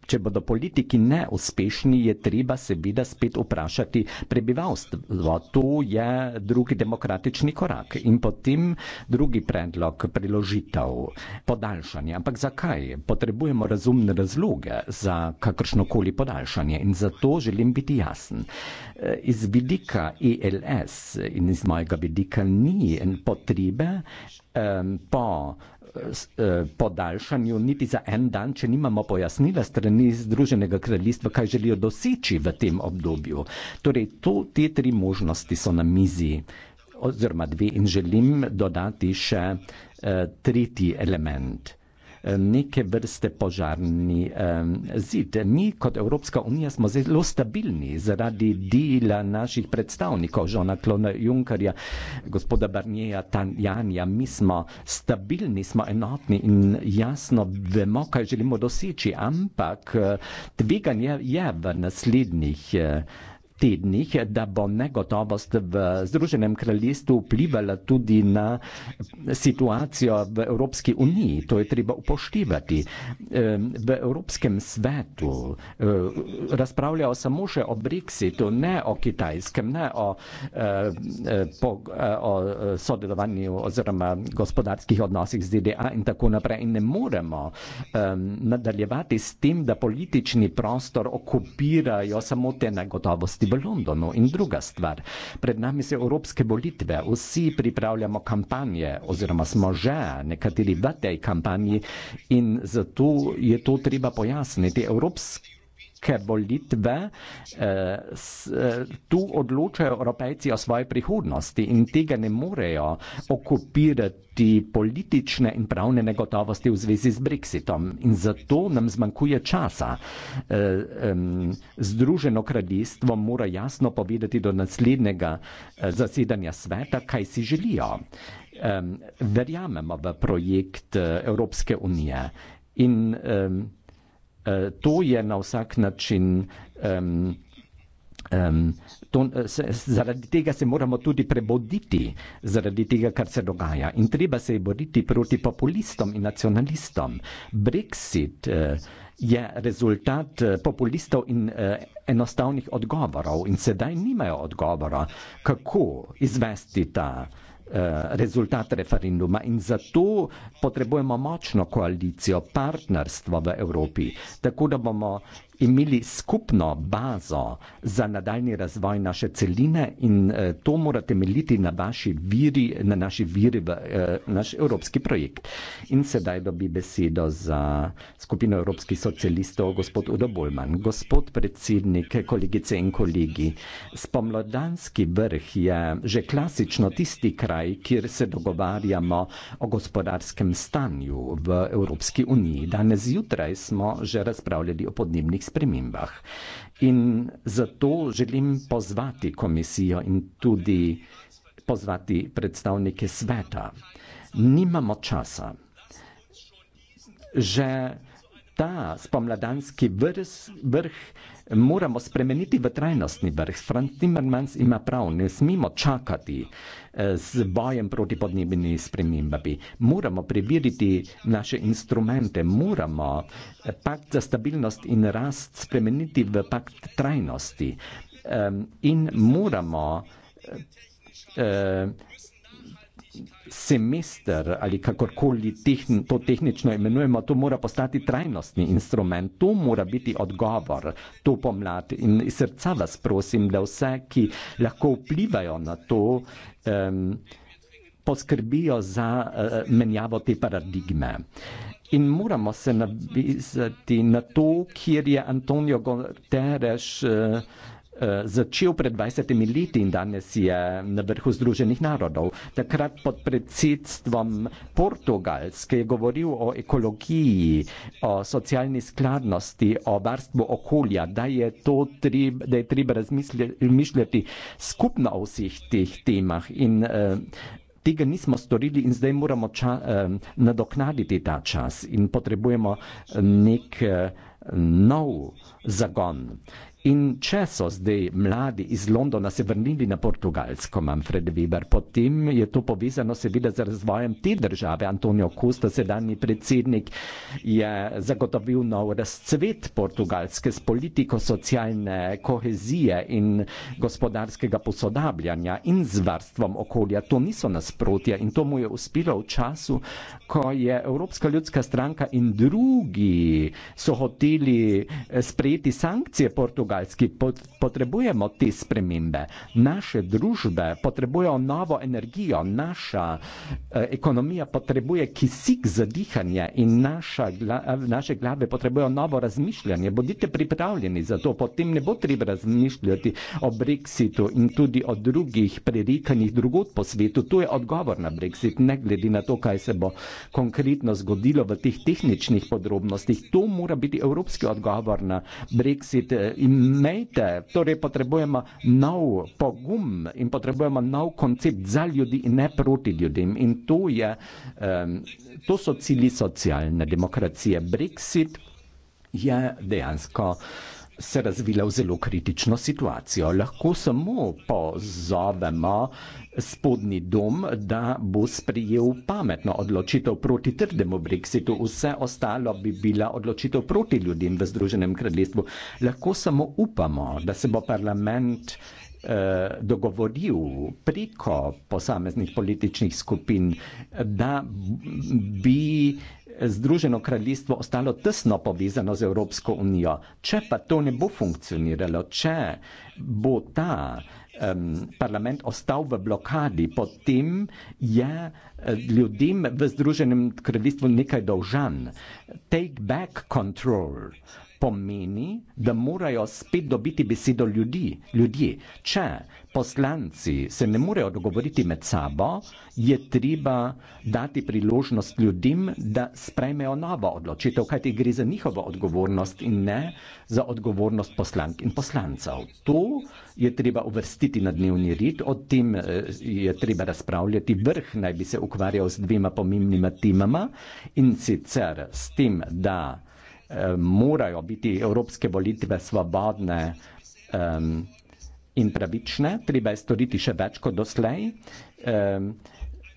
če bodo politiki neuspešni, je treba seveda spet vprašati prebivalstvo. To je drugi demokratični korak in potem drugi predlog priložitev podaljšanja. Ampak zakaj? Potrebujemo razumne razloge za kakršnokoli podaljšanje in zato želim biti jasen. Eh, iz vidika ELS in iz mojega vidika ni potrebe po E, podaljšanju, niti za en dan, če nimamo pojasnila strani Združenega kraljestva, kaj želijo doseči v tem obdobju. Torej, to, te tri možnosti so na mizi, oziroma dve, in želim dodati še eh, tretji element. Eh, neke vrste požarni zid. Mi kot Evropska unija smo zelo stabilni zaradi dela naših predstavnikov, žona Klona Junkarja, gospoda Barnjeja, Tanjanja. Mi smo stabilni, smo enotni in jasno vemo, kaj želimo doseči, ampak eh, tveganje je v naslednjih eh, tednih, da bo negotovost v Združenem kraljestvu vplivala tudi na situacijo v Evropski uniji. To je treba upoštevati. V Evropskem svetu e, razpravljajo samo še o Brexitu, ne o Kitajskem, ne o, e, e, o, o sodelovanju oziroma gospodarskih odnosih z DDA in tako naprej. In ne moremo nadaljevati s tem, da politični prostor okupirajo samo te negotovosti. Londonu in druga stvar. Pred nami so evropske volitve, vsi pripravljamo kampanje oziroma smo že nekateri v tej kampanji in zato je to treba pojasniti. Evropske evropske volitve, eh, eh, tu odločajo evropejci o svoji prihodnosti in tega ne morejo okupirati politične in pravne negotovosti v zvezi z Brexitom. In zato nam zmanjkuje časa. Eh, Združeno kraljestvo mora jasno povedati do naslednjega zasedanja sveta, kaj si želijo. Verjamemo v projekt Evropske unije. In um, uh, to je na vsak način. Um, Um, to, eh, se, zaradi tega se moramo tudi preboditi, zaradi tega, kar se dogaja. In treba se je boriti proti populistom in nacionalistom. Brexit uh, je rezultat uh, populistov in uh, enostavnih odgovorov in sedaj nimajo odgovora, kako izvesti ta uh, Eh, rezultat referenduma in zato potrebujemo močno koalicijo, partnerstvo v Evropi, tako da bomo imeli skupno bazo za nadaljni razvoj naše celine in eh, to mora temeljiti na vaši viri, na naši viri v eh, naš evropski projekt. In sedaj dobi besedo za skupino evropskih socialistov gospod Udo Bolman. Gospod predsednik, kolegice in kolegi, spomladanski vrh je že klasično tisti kraj, kjer se dogovarjamo o gospodarskem stanju v Evropski uniji. Danes zjutraj smo že razpravljali o podnebnih velikih spremembah. In zato želim pozvati komisijo in tudi pozvati predstavnike sveta. Nimamo časa. Že ta spomladanski vrh, vrh moramo spremeniti v trajnostni vrh. Franz Timmermans ima prav, ne smemo čakati eh, z bojem proti podnebni spremembi. Moramo preveriti naše instrumente, moramo eh, pakt za stabilnost in rast spremeniti v pakt trajnosti. In moramo. Eh, semester ali kakorkoli tehn, to tehnično imenujemo, to mora postati trajnostni instrument, to mora biti odgovor, to pomlad. In iz srca vas prosim, da vse, ki lahko vplivajo na to, um, poskrbijo za uh, menjavo te paradigme. In moramo se navizati na to, kjer je Antonio Gonterež. Uh, eh, Eh, začel pred 20 leti in danes je na vrhu Združenih narodov. Takrat pod predsedstvom Portugalske je govoril o ekologiji, o socialni skladnosti, o varstvu okolja, da je, trib, da je treba razmišljati skupno o vseh teh temah in uh, tega nismo storili in zdaj moramo ča, uh, nadoknaditi ta čas in potrebujemo nek uh, nov zagon. In če so zdaj mladi iz Londona se vrnili na Portugalsko, Manfred Weber, potem je to povezano seveda z razvojem te države. Antonijo Kosta, sedanji predsednik, je zagotovil nov razcvet Portugalske s politiko socialne kohezije in gospodarskega posodabljanja in z varstvom okolja. To niso nasprotja in to mu je uspelo v času, ko je Evropska ljudska stranka in drugi so hoteli eh, sprejeti sankcije Portugalske festivalski, pot, potrebujemo te spremembe. Naše družbe potrebujejo novo energijo, naša eh, ekonomija potrebuje kisik za dihanje in naša, gla, naše glave potrebujejo novo razmišljanje. Bodite pripravljeni za to, potem ne bo treba razmišljati o Brexitu in tudi o drugih prerikanjih drugot po svetu. To je odgovor na Brexit, ne glede na to, kaj se bo konkretno zgodilo v teh tehničnih podrobnostih. To mora biti evropski odgovor na Brexit eh, in mete, torej potrebujemo nov pogum in potrebujemo nov koncept za ljudi in ne proti ljudem. In to, je, um, to so cili socialne demokracije. Brexit je dejansko se razvila v zelo kritično situacijo. Lahko samo pozovemo spodnji dom, da bo sprejel pametno odločitev proti trdemu brexitu. Vse ostalo bi bila odločitev proti ljudem v Združenem kraljestvu. Lahko samo upamo, da se bo parlament Eh, dogovoril preko posameznih političnih skupin, da bi Združeno kraljestvo ostalo tesno povezano z Evropsko unijo. Če pa to ne bo funkcioniralo, če bo ta um, parlament ostal v blokadi, potem je eh, ljudem v Združenem kraljestvu nekaj dolžan. Take back control. Uh, pomeni, da morajo spet dobiti besedo ljudi. ljudje. Če poslanci se ne morejo dogovoriti med sabo, je treba dati priložnost ljudem, da sprejmejo novo odločitev, kajti gre za njihovo odgovornost in ne za odgovornost poslank in poslancev. To je treba uvrstiti na dnevni red, o tem eh, je treba razpravljati. Vrh naj bi se ukvarjal z dvema pomembnima temama in sicer s tem, da Eh, morajo biti evropske volitve svobodne um, in pravične, treba je storiti še več kot doslej. Um,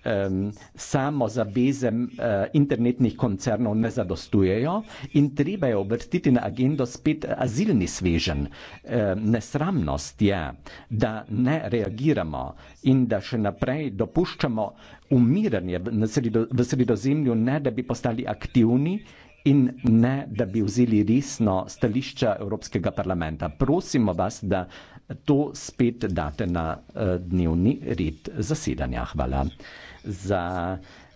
um, samo zaveze uh, eh, internetnih koncernov ne zadostujejo in treba je obrstiti na agendo spet azilni svežen. Um, nesramnost je, da ne reagiramo in da še naprej dopuščamo umiranje v, sredo, v sredozemlju, ne da bi postali aktivni in ne, da bi vzeli resno stališča Evropskega parlamenta. Prosimo vas, da to spet date na eh, dnevni red zasedanja. Hvala. Za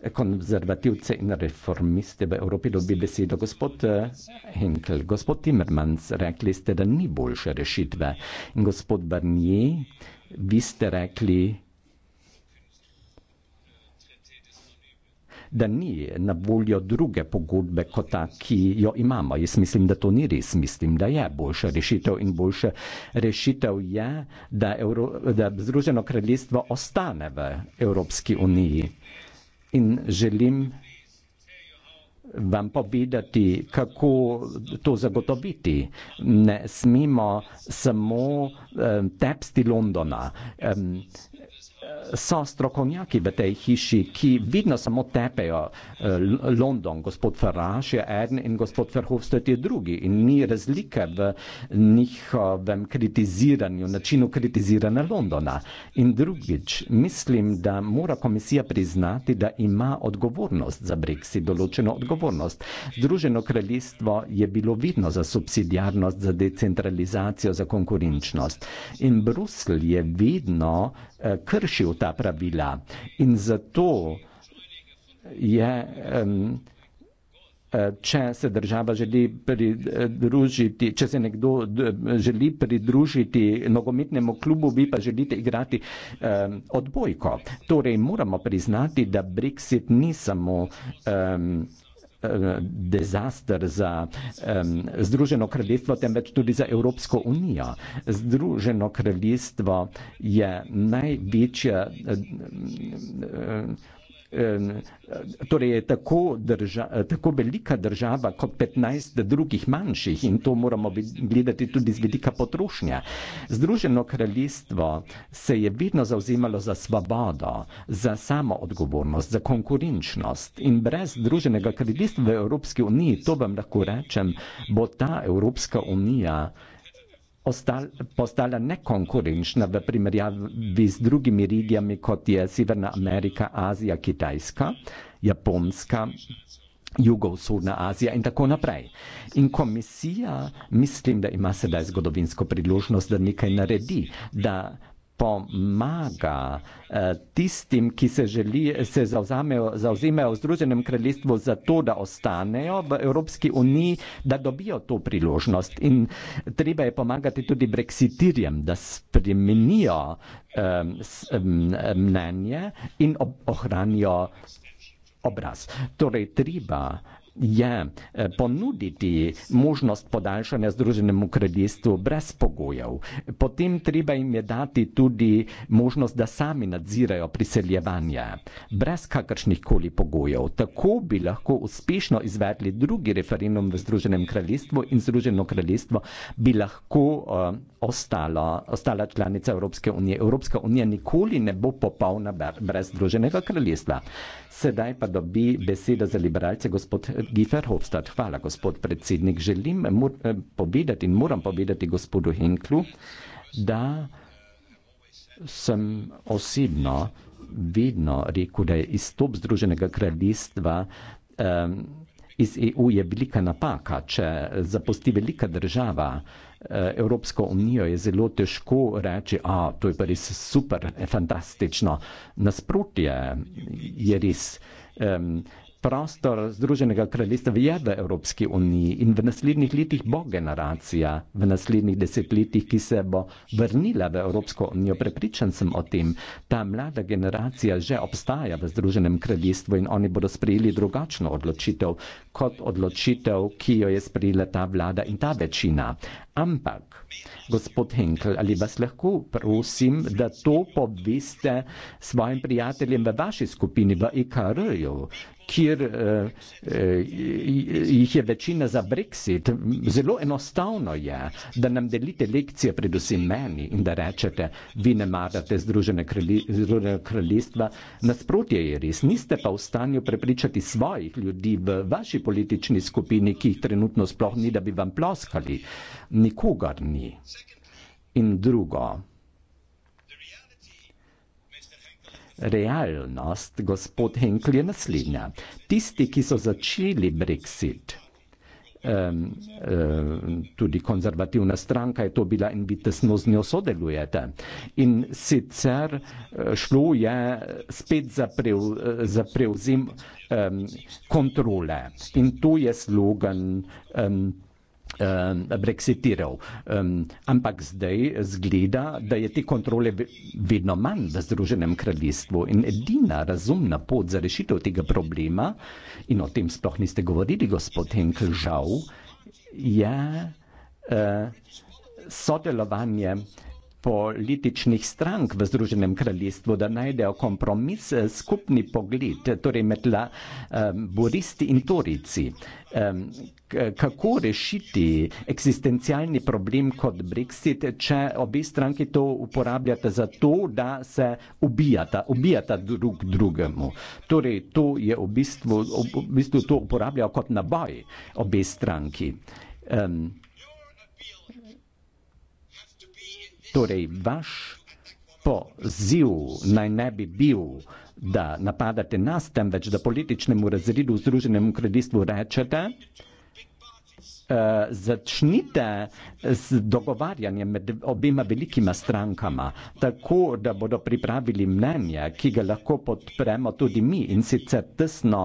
eh, konzervativce in reformiste v Evropi dobi besedo gospod eh, Henkel. Gospod Timmermans, rekli ste, da ni boljše rešitve. In gospod Barnier, vi ste rekli, da ni na voljo druge pogodbe kot ta, ki jo imamo. Jaz mislim, da to ni res. Mislim, da je boljša rešitev in boljša rešitev je, da, Euro, da Združeno kraljestvo ostane v Evropski uniji. In želim vam povedati, kako to zagotoviti. Ne smemo samo um, tepsti Londona. Um, so strokovnjaki v tej hiši, ki vidno samo tepejo eh, London, gospod Farage je eden in gospod Verhofstadt je drugi in ni razlike v njihovem kritiziranju, načinu kritiziranja Londona. In drugič, mislim, da mora komisija priznati, da ima odgovornost za Brexit, določeno odgovornost. Združeno kraljestvo je bilo vidno za subsidijarnost, za decentralizacijo, za konkurenčnost. In Bruselj je vidno, Eh, kršil ta pravila in zato je, eh, če se država želi pridružiti, če se nekdo želi pridružiti nogometnemu klubu, vi pa želite igrati odbojko. Torej moramo priznati, da Brexit ni samo odbojko, Eh, dezaster za Združeno kraljestvo, temveč tudi za Evropsko unijo. Združeno kraljestvo je največja. Eh, torej je tako, drža, tako velika država kot 15 drugih manjših in to moramo gledati tudi z vidika potrošnja. Združeno kraljestvo se je vedno zauzemalo za svobodo, za samo odgovornost, za konkurenčnost in brez združenega kraljestva v Evropski uniji, to vam lahko rečem, bo ta Evropska unija postala nekonkurenčna v primerjavi z drugimi regijami, kot je Severna Amerika, Azija, Kitajska, Japonska, Jugovzhodna Azija in tako naprej. In komisija, mislim, da ima sedaj zgodovinsko priložnost, da nekaj naredi, da pomaga eh, tistim, ki se, želi, se zauzamejo, zauzimejo v Združenem kraljestvu za to, da ostanejo v Evropski uniji, da dobijo to priložnost. In treba je pomagati tudi breksitirjem, da spremenijo um, mnenje in ob, ohranijo obraz. Torej, treba je eh, ponuditi možnost podaljšanja Združenemu kraljestvu brez pogojev. Potem treba jim je dati tudi možnost, da sami nadzirajo priseljevanje, brez kakršnih koli pogojev. Tako bi lahko uspešno izvedli drugi referendum v Združenem kraljestvu in Združeno kraljestvo bi lahko uh, ostalo, ostala članica Evropske unije. Evropska unija nikoli ne bo popolna brez Združenega kraljestva. Sedaj pa dobi besedo za liberalce gospod Gifer Hofstad. Hvala, gospod predsednik. Želim mur, eh, povedati in moram povedati gospodu Henklu, da sem osebno vedno rekel, da je izstop Združenega kraljestva um, iz EU je velika napaka, če zapusti velika država. Eh, Evropsko unijo je zelo težko reči, da to je pa res super, fantastično. Nasprotje je res. Um, prostor Združenega kraljestva je v Evropski uniji in v naslednjih letih bo generacija, v naslednjih desetletjih, ki se bo vrnila v Evropsko unijo. Prepričan sem o tem, ta mlada generacija že obstaja v Združenem kraljestvu in oni bodo sprejeli drugačno odločitev kot odločitev, ki jo je sprejela ta vlada in ta večina. Ampak, gospod Henkel, ali vas lahko prosim, da to poveste svojim prijateljem v vaši skupini, v IKR-ju, e kjer eh, eh, jih je večina za brexit. Zelo enostavno je, da nam delite lekcije, predvsem meni, in da rečete, vi ne marate Združene, krali, Združene kraljestva. Nasprotje je res, niste pa v stanju prepričati svojih ljudi v vaši politični skupini, ki jih trenutno sploh ni, da bi vam ploskali. Nikogar ni. In drugo, Realnost, gospod Henkel, je naslednja. Tisti, ki so začeli brexit, um, um, tudi konzervativna stranka je to bila in vi tesno z njo sodelujete. In sicer eh, šlo je spet za, prev, eh, za prevzem um, kontrole. In to je slogan. Um, um, brexitiral. Um, ampak zdaj zgleda, da je te kontrole vedno manj v Združenem kraljestvu in edina razumna pot za rešitev tega problema, in o tem sploh niste govorili, gospod Henkel, žal, je uh, sodelovanje uh, političnih strank v Združenem kraljestvu, da najdejo kompromis, eh, skupni pogled, torej med la, um, boristi in torici. Um, kako rešiti eksistencialni problem kot Brexit, če obe stranki to uporabljate za to, da se ubijata, ubijata drug drugemu. Torej, to je v bistvu, v bistvu to uporabljajo kot naboj obe stranki. Um, Torej, vaš poziv naj ne bi bil, da napadate nas, temveč da političnemu razredu v Združenem kraljestvu rečete, Eh, začnite z dogovarjanjem med obima velikima strankama, tako da bodo pripravili mnenje, ki ga lahko podpremo tudi mi in sicer tesno,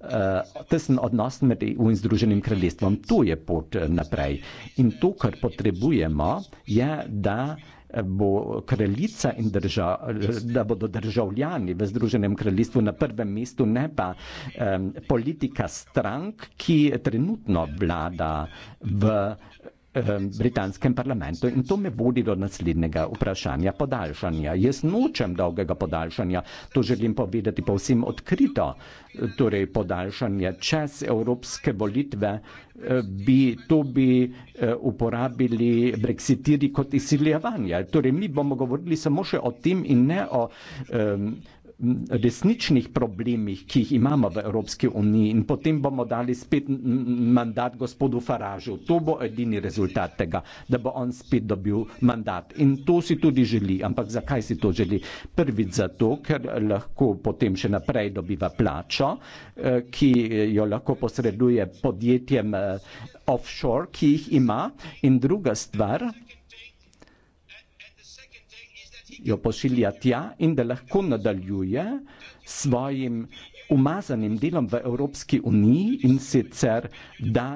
uh, tesen odnos med EU in Združenim kraljestvom. To je pot eh, naprej. In to, kar potrebujemo, je, da bo kraljica in država, da bodo državljani v Združenem kraljestvu na prvem mestu, ne pa um, politika strank, ki trenutno vlada v Ehm, britanskem parlamentu in to me vodi do naslednjega vprašanja podaljšanja. Jaz nočem dolgega podaljšanja, to želim povedati povsem odkrito. Torej podaljšanje čez evropske volitve eh, bi to bi eh, uporabili brexitiri kot izsiljevanje. Torej mi bomo govorili samo še o tem in ne o um, resničnih problemih, ki jih imamo v Evropski uniji in potem bomo dali spet mandat gospodu Faražu. To bo edini rezultat tega, da bo on spet dobil mandat. In to si tudi želi. Ampak zakaj si to želi? Prvič zato, ker lahko potem še naprej dobiva plačo, eh, ki jo lahko posreduje podjetjem eh, offshore, ki jih ima. In druga stvar, jo pošilja tja in da lahko nadaljuje s svojim umazanim delom v Evropski uniji in sicer da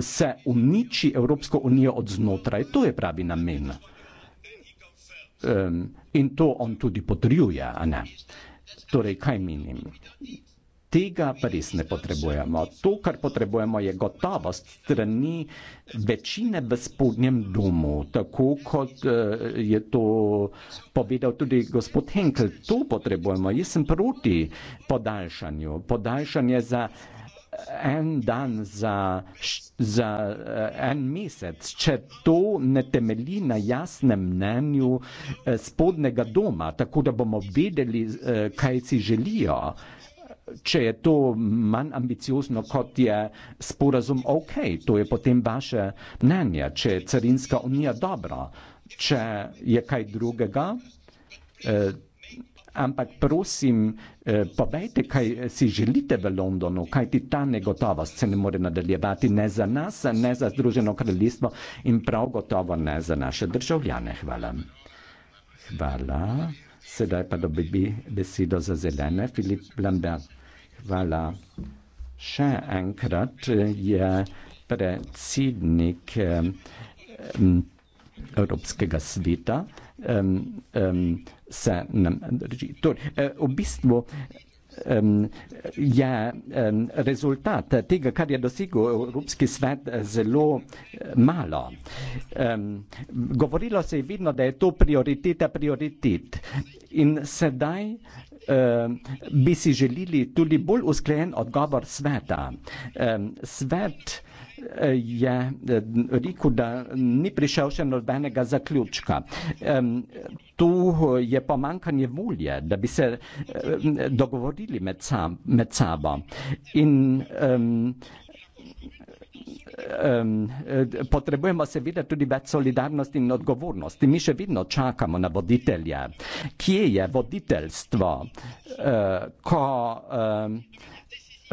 se uniči Evropsko unijo od znotraj. To je pravi namen. In to on tudi potrjuje. Torej, kaj menim? Tega pa res ne potrebujemo. To, kar potrebujemo, je gotovost strani večine v spodnjem domu, tako kot eh, je to povedal tudi gospod Henkel. To potrebujemo. Jaz sem proti podaljšanju. Podaljšanje za en dan, za, za eh, en mesec, če to ne temelji na jasnem mnenju eh, spodnega doma, tako da bomo vedeli, kaj si želijo. Če je to manj ambiciozno, kot je sporazum OK, to je potem vaše mnenje. Če je carinska unija dobro, če je kaj drugega, eh, ampak prosim, eh, povejte, kaj si želite v Londonu, kaj ti ta negotovost se ne more nadaljevati, ne za nas, ne za Združeno kraljestvo in prav gotovo ne za naše državljane. Hvala. Hvala. Sedaj pa dobi besedo za zelene, Filip Lambert. Hvala. Še enkrat je predsednik um, Evropskega sveta um, um, se nam drži. Tore, eh, v bistvu um, je um, rezultat tega, kar je dosegel Evropski svet, zelo eh, malo. Um, govorilo se je vidno, da je to prioriteta prioritet. In sedaj um, bi si želeli tudi bolj usklejen odgovor sveta. Um, svet je eh, rekel, da ni prišel še nobenega zaključka. Tu je pomankanje volje, da bi se eh, dogovorili med, sam, med sabo. In, um, Um, potrebujemo seveda tudi več solidarnosti in odgovornosti. Mi še vedno čakamo na voditelja. Kje je voditeljstvo, uh, ko. Um,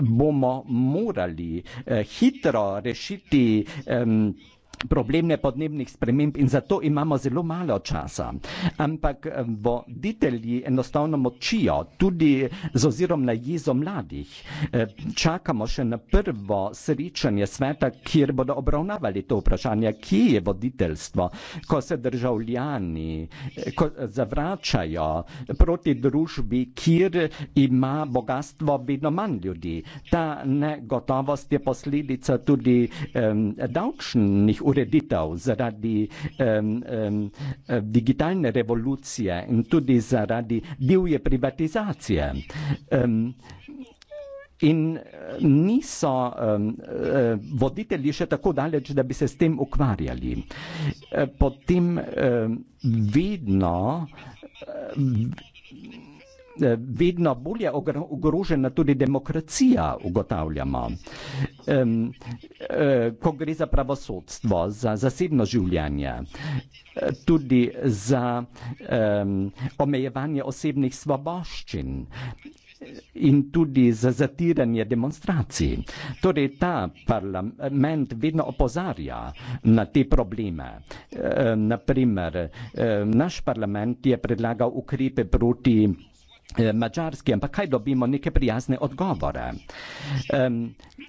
bomo morali eh, hitro rešiti eh, probleme podnebnih sprememb in zato imamo zelo malo časa. Ampak eh, voditelji enostavno močijo tudi z ozirom na jezo mladih. Eh, čakamo še na prvo srečanje sveta, kjer bodo obravnavali to vprašanje, kje je voditeljstvo, ko se državljani eh, ko zavračajo proti družbi, kjer ima bogatstvo vedno manj ljudi. Ta negotovost je posledica tudi um, davčnih uredov, ureditev zaradi um, um, digitalne revolucije in tudi zaradi divje privatizacije. Um, In niso um, voditelji še tako daleč, da bi se s tem ukvarjali. Potem um, vedno um, Eh, vedno bolje ogrožena tudi demokracija, ugotavljamo. Eh, ko gre za pravosodstvo, za zasebno življenje, eh, tudi za omejevanje osebnih svoboščin in tudi za zatiranje demonstracij. Torej ta parlament vedno opozarja na te probleme. Naprimer, naš parlament je predlagal ukrepe proti E, mađarski, ampak kaj dobimo neke prijazne odgovore. E,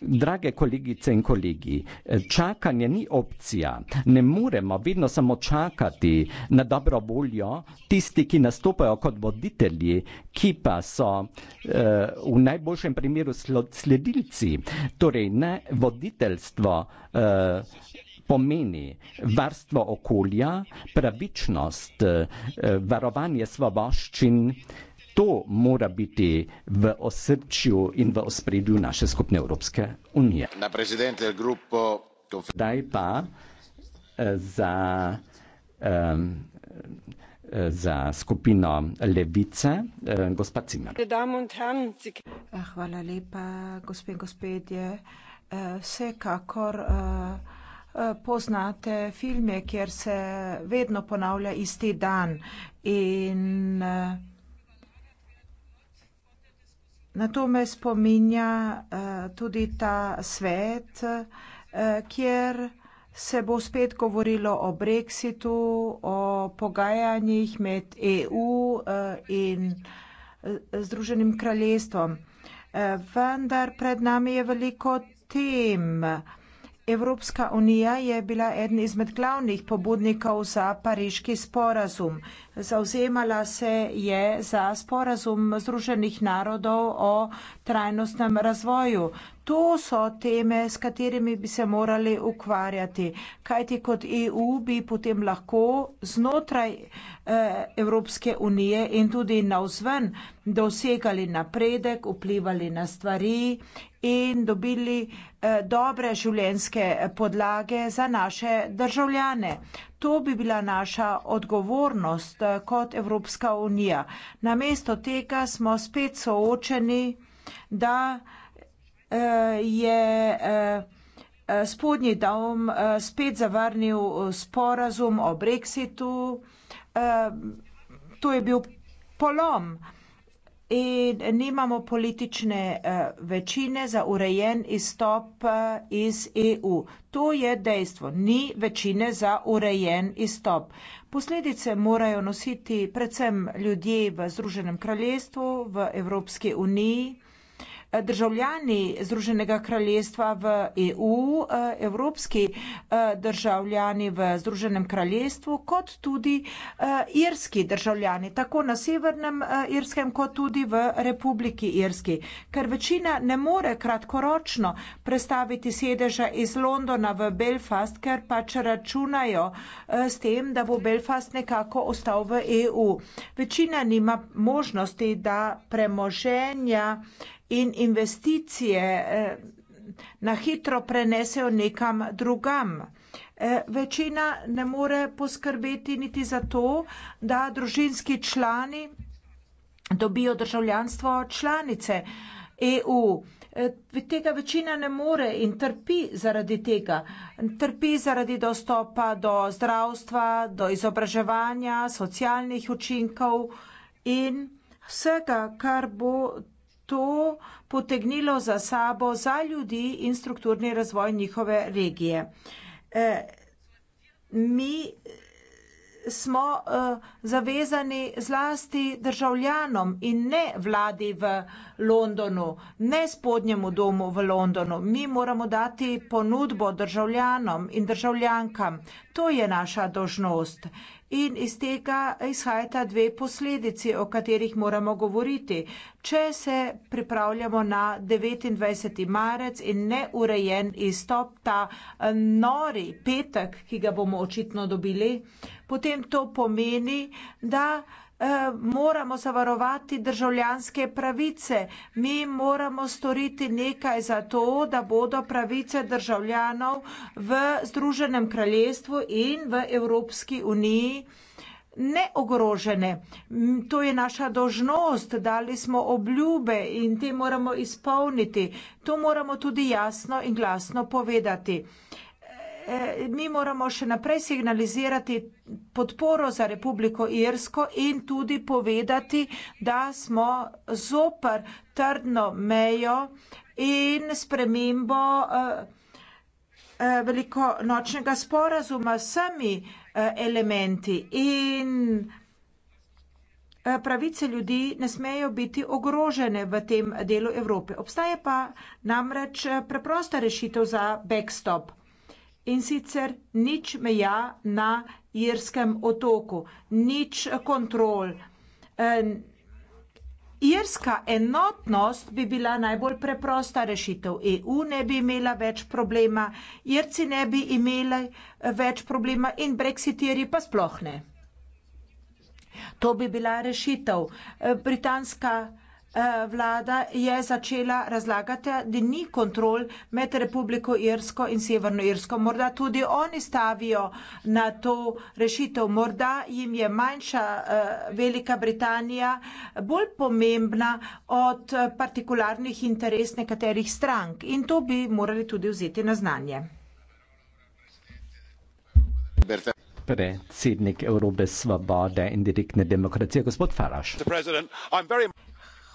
drage kolegice in kolegi, e, čakanje ni opcija, ne moremo vedno samo čakati na dobro voljo tisti, ki nastopajo kot voditelji, ki pa so v najboljšem primeru sledilci, torej ne voditeljstvo pomeni varstvo okolja, pravičnost, varovanje svoboščin, to mora biti v osrčju in v ospredju naše skupne Evropske unije. Zdaj pa eh, za, eh, za skupino Levice, eh, gospa Cimer. Hvala lepa, gospe in gospodje. Vsekakor poznate filme, kjer se vedno ponavlja isti dan in Na to me spominja eh, tudi ta svet, eh, kjer se bo spet govorilo o brexitu, o pogajanjih med EU eh, in Združenim kraljestvom. Vendar pred nami je veliko tem. Evropska unija je bila eden izmed glavnih pobudnikov za pariški sporazum. Zauzemala se je za sporazum Združenih narodov o trajnostnem razvoju. To so teme, s katerimi bi se morali ukvarjati, kajti kot EU bi potem lahko znotraj eh, Evropske unije in tudi navzven dosegali napredek, vplivali na stvari in dobili eh, dobre življenjske podlage za naše državljane. To bi bila naša odgovornost eh, kot Evropska unija. Namesto tega smo spet soočeni, da eh, je eh, spodnji dom spet zavrnil sporazum o brexitu. To je bil polom in nimamo politične eh, večine za urejen izstop eh, iz EU. To je dejstvo. Ni večine za urejen izstop. Posledice morajo nositi predvsem ljudje v Združenem kraljestvu, v Evropski uniji državljani Združenega kraljestva v EU, eh, evropski eh, državljani v Združenem kraljestvu, kot tudi eh, irski državljani, tako na severnem irskem, kot tudi v Republiki Irski. Ker večina ne more kratkoročno prestaviti sedeža iz Londona v Belfast, ker pač računajo s tem, da bo Belfast nekako ostal v EU. Večina nima možnosti, da premoženja in investicije eh, na hitro prenesejo nekam drugam. Eh, večina ne more poskrbeti niti za to, da družinski člani dobijo državljanstvo članice EU. Eh, tega večina ne more in trpi zaradi tega. Trpi zaradi dostopa do zdravstva, do izobraževanja, socialnih učinkov in vsega, kar bo to potegnilo za sabo za ljudi in strukturni razvoj njihove regije. E, mi smo e, zavezani zlasti državljanom in ne vladi v Londonu, ne spodnjemu domu v Londonu. Mi moramo dati ponudbo državljanom in državljankam. To je naša dožnost. In iz tega izhajata dve posledici, o katerih moramo govoriti. Če se pripravljamo na 29. marec in neurejen izstop, ta eh, nori petek, ki ga bomo očitno dobili, potem to pomeni, da Eh, moramo zavarovati državljanske pravice. Mi moramo storiti nekaj za to, da bodo pravice državljanov v Združenem kraljestvu in v Evropski uniji neogrožene. To je naša dožnost, dali smo obljube in te moramo izpolniti. To moramo tudi jasno in glasno povedati. E, mi moramo še naprej signalizirati podporo za Republiko Irsko in tudi povedati, da smo zopr trdno mejo in spremembo e, e, velikonočnega sporazuma vsemi elementi in pravice ljudi ne smejo biti ogrožene v tem delu Evrope. Obstaje pa namreč preprosta rešitev za backstop in sicer nič meja na Irskem otoku, nič kontrol. Irska enotnost bi bila najbolj preprosta rešitev. EU ne bi imela več problema, Irci ne bi imeli eh, več problema in brexitiri pa sploh ne. To bi bila rešitev. Eh, Britanska Eh, vlada je začela razlagati, da ni kontrol med Republiko Irsko in Severno Irsko. Morda tudi oni stavijo na to rešitev. Morda jim je manjša eh, Velika Britanija bolj pomembna od eh, partikularnih interes nekaterih strank in to bi morali tudi vzeti na znanje. Predsednik Evrope svobode in direktne demokracije, gospod Faraš.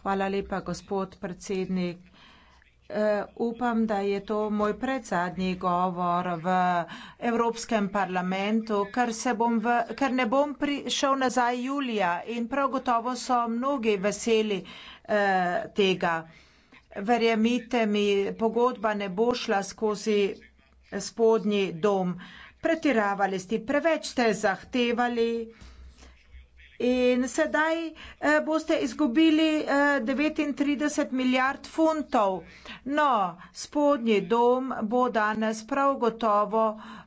Hvala lepa, gospod predsednik. E, upam, da je to moj predzadnji govor v Evropskem parlamentu, ker, se bom v, ker ne bom prišel nazaj julija in prav gotovo so mnogi veseli eh, tega. Verjemite mi, pogodba ne bo šla skozi spodnji dom. Pretiravali ste, preveč ste zahtevali. Eh, In sedaj eh, boste izgubili eh, 39 milijard funtov. No, spodnji dom bo danes prav gotovo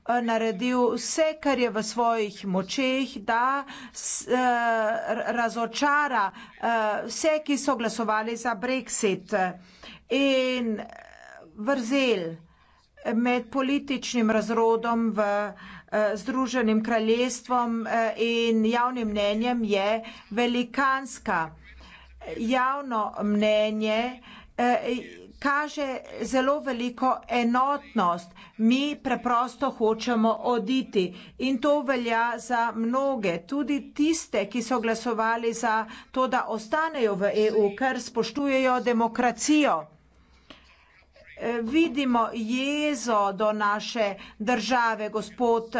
eh, naredil vse, kar je v svojih močeh, da s, eh, razočara eh, vse, ki so glasovali za Brexit. In eh, vrzel eh, med političnim razrodom v. Eh, Združenim kraljestvom eh, in javnim mnenjem je velikanska. Javno mnenje eh, kaže zelo veliko enotnost. Mi preprosto hočemo oditi in to velja za mnoge, tudi tiste, ki so glasovali za to, da ostanejo v EU, ker spoštujejo demokracijo. Eh, vidimo jezo do naše države, gospod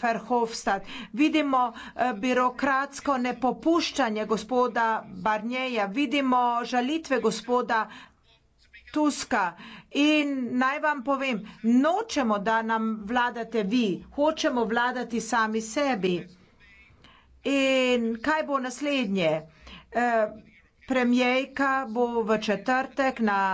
Ferhofstad, eh, vidimo eh, birokratsko nepopuščanje gospoda Barnjeja, vidimo žalitve gospoda Tuska in naj vam povem, nočemo, da nam vladate vi, hočemo vladati sami sebi. In kaj bo naslednje? Premijejka bo v četrtek na